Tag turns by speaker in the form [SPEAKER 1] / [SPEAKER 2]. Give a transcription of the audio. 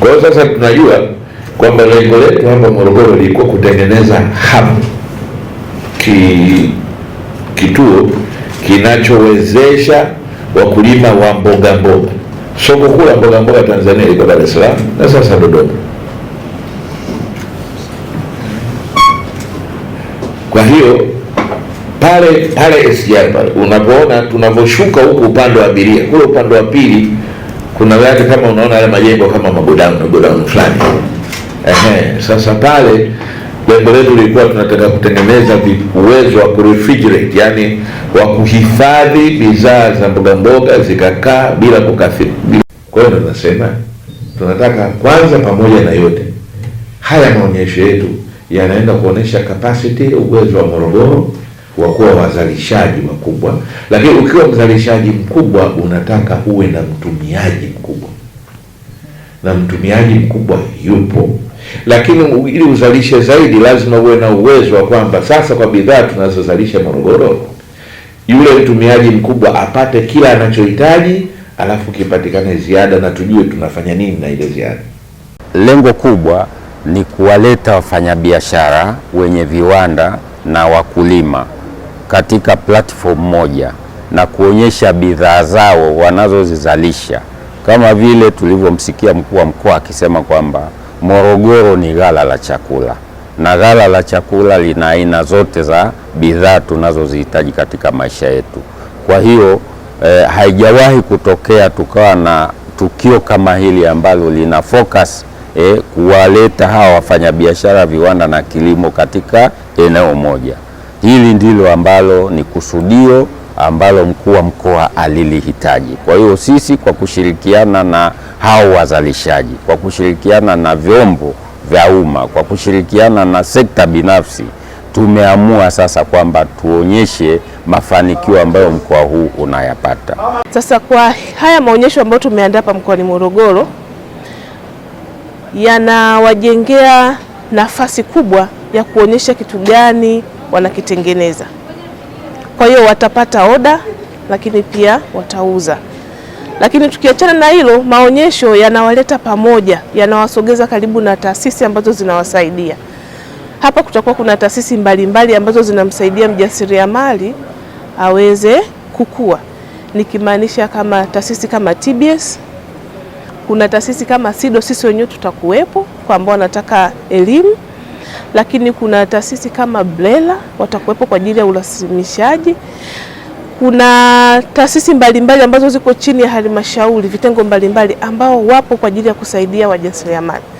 [SPEAKER 1] Kwa hiyo sasa tunajua kwamba lengo letu hapa Morogoro lilikuwa kutengeneza hub ki, kituo kinachowezesha wakulima wa mboga mboga. Soko kuu la mboga mboga Tanzania liko Dar es Salaam na sasa Dodoma. Kwa hiyo pale pale SGR pale unapoona tunavyoshuka huku upande wa abiria, kule upande wa pili kuna wale kama unaona yale majengo kama magodown magodown fulani. Ehe, sasa pale lengo letu lilikuwa tunataka kutengeneza uwezo wa kurefigerate, yani wa kuhifadhi bidhaa za mboga mboga zikakaa bila kukafi. Kwa hiyo tunasema tunataka kwanza, pamoja na yote haya maonyesho yetu yanaenda kuonesha capacity, uwezo wa Morogoro wa kuwa wazalishaji wakubwa, lakini ukiwa mzalishaji mkubwa unataka uwe na mtumiaji mkubwa, na mtumiaji mkubwa yupo, lakini ili uzalishe zaidi lazima uwe na uwezo wa kwamba sasa, kwa bidhaa tunazozalisha Morogoro, yule mtumiaji mkubwa apate kila anachohitaji, alafu kipatikane ziada na tujue tunafanya nini na ile ziada.
[SPEAKER 2] Lengo kubwa ni kuwaleta wafanyabiashara wenye viwanda na wakulima katika platform moja na kuonyesha bidhaa zao wanazozizalisha, kama vile tulivyomsikia mkuu wa mkoa akisema kwamba Morogoro ni ghala la chakula na ghala la chakula lina aina zote za bidhaa tunazozihitaji katika maisha yetu. Kwa hiyo eh, haijawahi kutokea tukawa na tukio kama hili ambalo lina focus eh, kuwaleta hawa wafanyabiashara, viwanda na kilimo katika eneo moja hili ndilo ambalo ni kusudio ambalo mkuu wa mkoa alilihitaji. Kwa hiyo sisi kwa kushirikiana na hao wazalishaji, kwa kushirikiana na vyombo vya umma, kwa kushirikiana na sekta binafsi tumeamua sasa kwamba tuonyeshe mafanikio ambayo mkoa huu unayapata.
[SPEAKER 3] Sasa kwa haya maonyesho ambayo tumeandaa hapa mkoani Morogoro yanawajengea nafasi kubwa ya kuonyesha kitu gani wanakitengeneza. Kwa hiyo watapata oda, lakini pia watauza. Lakini tukiachana na hilo, maonyesho yanawaleta pamoja, yanawasogeza karibu na taasisi ambazo zinawasaidia. Hapa kutakuwa kuna taasisi mbalimbali ambazo zinamsaidia mjasiriamali aweze kukua, nikimaanisha kama taasisi kama TBS, kuna taasisi kama SIDO, sisi wenyewe tutakuwepo kwa ambao wanataka elimu lakini kuna taasisi kama blela watakuwepo kwa ajili ya urasimishaji. Kuna taasisi mbalimbali ambazo ziko chini ya halmashauri, vitengo mbalimbali ambao wapo kwa ajili ya kusaidia wajasiriamali.